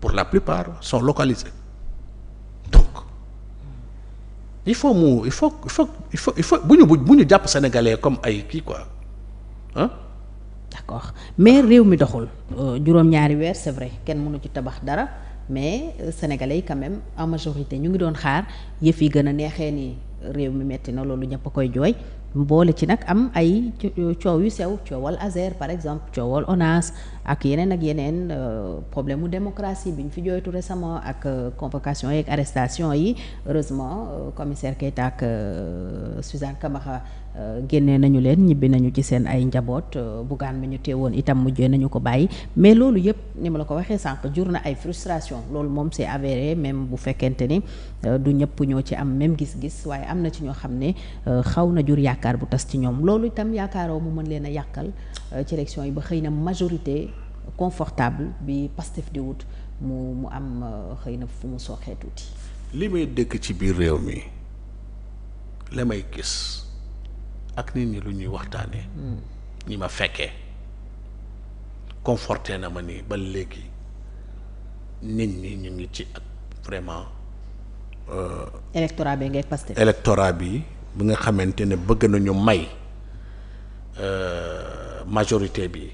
pour la plupart sont localisés donc il faut mu il faut il faut il faut bu ñu bu ñu jàpp sénégalais comme ay kii quoi ah. d'accord mais réew mi doxul. Euh, juróom-ñaari weer c'est vrai kenn mënu ci tabax dara mais euh, sénégalais yi quand même majorité ñu ngi doon xaar yëf yi gën a neexee ni réew mi metti na loolu ñëpp a koy jooy. boole ci nag am ay coow yu sew coowal Azer par exemple coowal ONAS ak yeneen ak yeneen euh, problème mu démocratie bi ñu fi jooytu récemment ak euh, convocation yi ak arrestation yi heureusement euh, commissaire Keita ak Suzanne Camara génnee nañu leen ñibbi nañu ci seen ay njaboot bugaan mi ñu teewoon itam mujje nañu ko bàyyi mais loolu yëpp ni ma la ko waxee sànq jur na ay frustration loolu moom c'est avéré même bu fekkente ni du ñëpp ñoo ci am même gis-gis waaye am na ci ñoo xam ne xaw na jur yàq yaakaar bu tas ci ñoom loolu itam yaakaaroo mu mën leen a yàqal euh, ci élection yi ba xëy na majorité confortable bi Pastef di wut mu mu am euh, xëy na fu mu soxee tuuti. li may dëkk ci biir réew mi la may gis ak nit ñi lu ñuy waxtaanee. Hmm. ñi ma fekkee conforté na ma ni ba léegi nit ñi ñu ngi ci ak vraiment. Euh, électorat bi ngay Pastef. électorat bi. bi nga xamante ne bëgg nañu may euh, majorité bi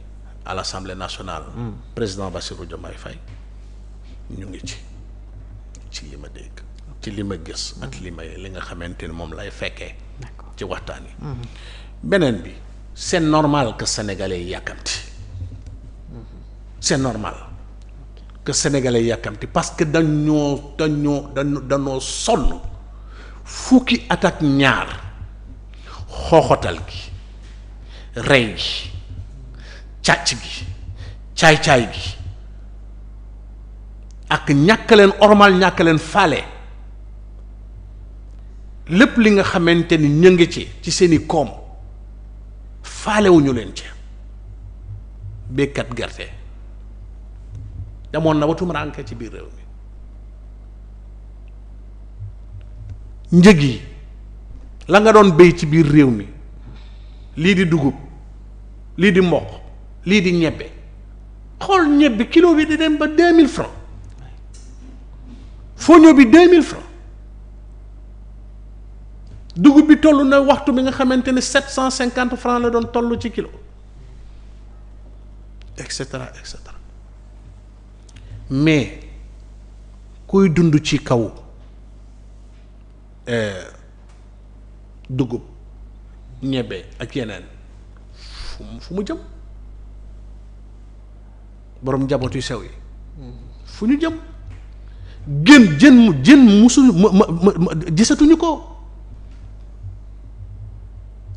à l'Assemblée nationale. Mmh. président Bassirou Diomaye Faye ñu ngi ci ci li ma dégg. ci li ma gis. ak mm. li may li nga xamante ne moom lay fekkee. ci waxtaan yi. Mm-hmm. beneen bi c'est normal que sénégalais yi yàkkamti. Mm-hmm. c'est normal que sénégalais yàkkamti parce que dañoo dañoo dañoo sol fukki at ak ñaar xooxotal gi rey gi càcc gi caay-caay gi ak ñàkk leen ormal ñàkk leen faale lépp li nga xamante ni ñëngi ci ci seeni koom faalewuñu leen ci béykat gerte demoon na ba tumuraanke ci biir réew mi njëg yi la nga doon béy ci biir réew mi lii di dugub lii di mboq lii di ñebbe xool ñebbe kilo bi di dem ba deux mille francs foño bi deux mille francs dugub bi toll na waxtu bi nga xamante ne sept cent cinquante francs la doon toll ci kilo et cetera et mais kuy dund ci kaw Eh, dugub ñebe ak yeneen fu mu fu mu jëm borom njaboot yu sew yi mm-hmm. fu ñu jëm gën jën mu jën musuñu ma ma ma gisatuñu ko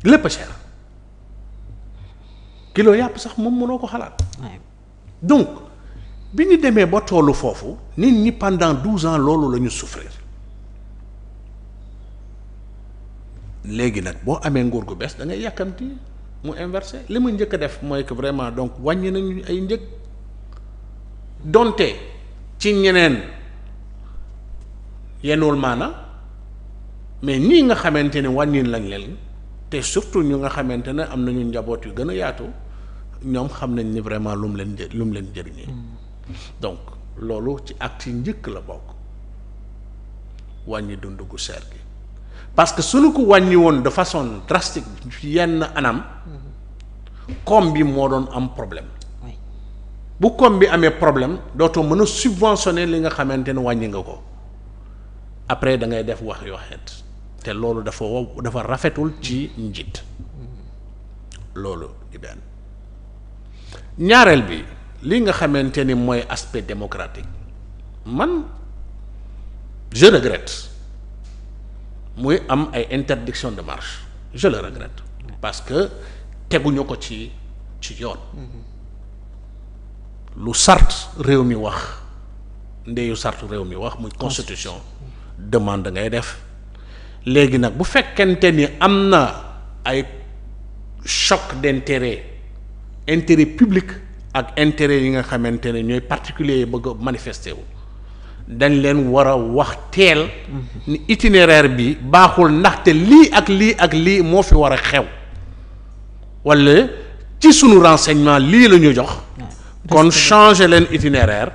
lépp cher kilo yàpp sax moom mënoo ko xalaat donc bi ñu demee ba tollu foofu nit ñi pendant douze ans loolu lañu ñu léegi nag boo amee nguur gu bees da ngay yàkkamti mu inversé li ma njëkk a def mooy que vraiment donc wàññi nañu ay njëg donte ci ñeneen yenul maana mais nii nga xamante ne wàññi lañ leen te surtout ñu nga xamante ne am nañu njaboot yu gën a yaatu ñoom xam nañ ni vraiment lu mu leen jë lu leen jëriñee mm. donc loolu ci acte ci njëkk la bokk wàññi dund gu seer gi parce que suñu ko wàññi woon de façon drastique yenn anam koom bi moo doon am problème bu koom bi amee problème dootoo mën a subventionner li nga xamante ne wàññi nga ko après da ngay def wax yoo xeet te loolu dafa wow dafa rafetul ci njit loolu ñaareel bi li nga xamante ni mooy aspect démocratique man je regrette muy am ay interdiction de marche je le regrette parce que teguñu ko ci ci yoon lu sart réew mi wax ndeyu sart réew mi wax muy constitution demande ngay def léegi nag bu fekkente ni am na ay choc d'intérêt intérêt publique ak intérêt yi nga xamante ne ñooy particulier yi bëgg a wu dañ leen war a wax teel ni itinéraire bi baaxul ndaxte lii ak lii ak lii moo fi war a xew walla ci sunu renseignement lii la ñu jox kon changer leen itinéraire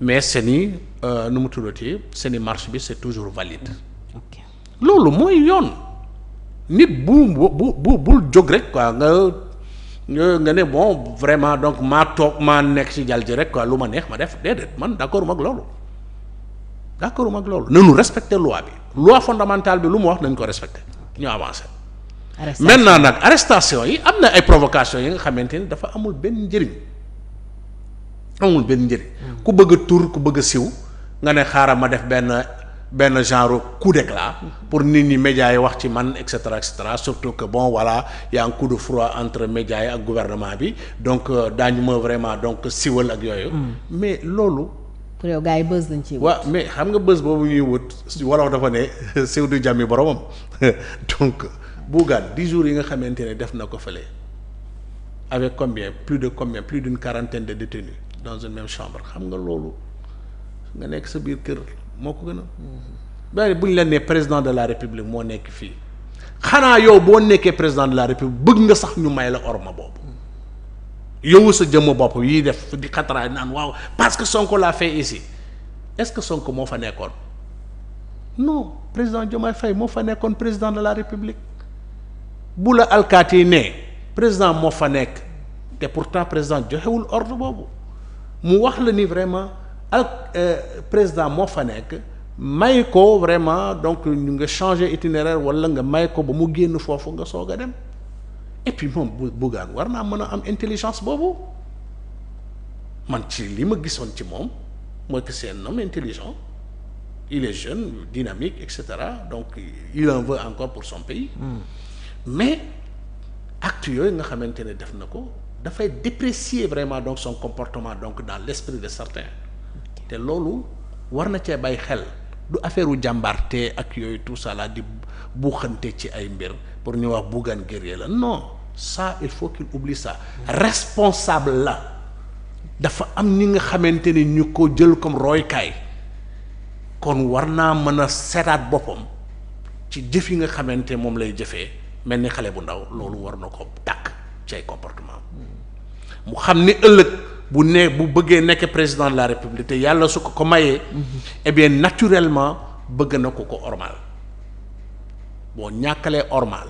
mais seeni euh, nu mu tuddati seeni marche bi c'est toujours valide loolu mooy yoon nit bu bu bu bul jóg rek quoi nga yooyu nga ne bon vraiment donc maa toog maa nekk ci jal ji rek quoi lu ma neex ma def déedéet man d'accord mag loolu d'accord mag loolu nanu respecter loi bi loi fondamentale bi lu mu wax nañ ko respecter ñu avancer maintenant nag arrestation yi am na ay provocation yi nga xamante ni dafa amul benn njëriñ amul benn njëriñ hmm. ku bëgg tur ku bëgg siw nga ne xaaral ma def benn benn genre coup d'éclat pour nit ñi médias yi wax ci man et cetera et cetera surtout que bon voilà y a un coup de froid entre médias yi ak gouvernement bi donc euh, daañu ma vraiment donc siwal ak yooyu. Mm. mais loolu. pour yow gars yi bës dañ ciy mais xam nga bës boobu ñuy wut wolof dafa ne siw du jàmmi boromam donc Bougane dix jours yi nga xamante ne def na ko fële avec combien plus de combien plus d'une quarantaine de détenus dans une même chambre xam nga loolu nga nekk sa biir kër. moo ko gën a bari bu ñu la nee président de la république moo nekk fii xanaa yow boo nekkee président de la république bëgg nga sax ñu may la orma boobu yow sa jëmm bopp yi def di xataraay naan waaw parce que Sonko l'a fait ici est-ce que Sonko moo fa nekkoon non président Diomaye Faye moo fa nekkoon président de la république bu alkaati ne président moo fa nekk te pourtant président joxewul ordre boobu mu wax la ni vraiment alors euh, président moo fa nekk may ko vraiment donc ñu nga changer itinéraire wala nga may ko ba mu génn foofu nga soog a dem et puis moom bu Bougane war naa mën a am intelligence boobu man ci li ma gisoon ci moom mooy que c'est un intelligent il est jeune dynamique et cetera donc il en encore pour son pays. Hmm. mais actes yooyu nga xamante ne def na ko dafay déprécier vraiment donc son comportement donc dans l'esprit de certains. te loolu war na cee bay xel du affaire jàmbarte ak yooyu tout ça là di buuxante ci ay mbir pour ñu wax Bougane guerrier la non saa il faut qu'il oublie ça responsable la dafa am ni nga xamante ni ñu ko jël comme roykaay kon war naa mën a seetaat boppam ci jëf yi nga xamante moom lay jëfee mel ni xale bu ndaw loolu war na ko dàkk ci ay comportement mu xam ni ëllëg bu ne bu bëggee nekk président de la république te yàlla su ko ko mayee. eh naturellement bëgg na ko ko ormal boo ñàkkalee ormal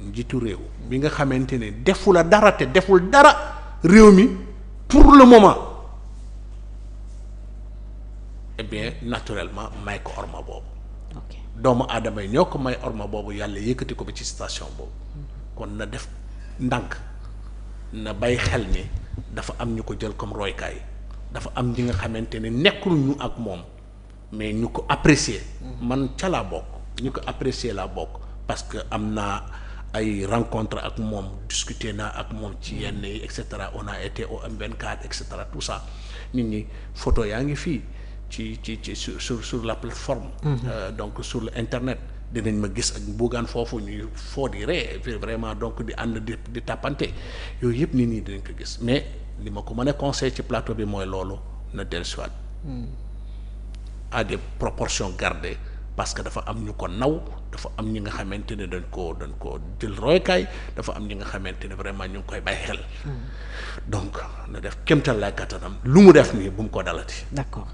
njiitu réew bi nga xamante ne defula dara te deful dara réew mi pour le moment eh bien naturellement may ko orma boobu. doomu aadama yi ñoo ko may orma boobu yàlla yëkkati ko ba ci station boobu kon na def ndànk. na bay xel ni dafa am ñu ko jël comme roykaay dafa am ji nga xamante ne nekkul ñu ak moom mais ñu ko apprécier mm-hmm. man ca laa bokk ñu ko apprécier laa bokk parce que am naa ay rencontre ak moom discuter naa ak moom ci mm-hmm. yenn yi et cetera on a été au M24 et cetera tout ça nit ñi photo yaa ngi fii ci ci ci sur sur sur la plateforme. Mm-hmm. Euh, donc sur le internet. dinañ ma gis ak bugaan foofu ñuy foo di vraiment donc di ànd di di tàppante yooyu yëpp nit ñi dinañ ko gis mais li ma ko mën a conseil ci plateau bi mooy loolu na dellusiwaat hmm. à des proportion gardées parce que dafa am ñu ko naw dafa am ñi nga xamante ne dañ koo dañ koo jël roykaay dafa am ñi nga xamante ne vraiment ñu ngi koy bàyyi xel. Hmm. donc na def kéemtal laay kattanam lu mu def nii bu mu ko dalati. d'accord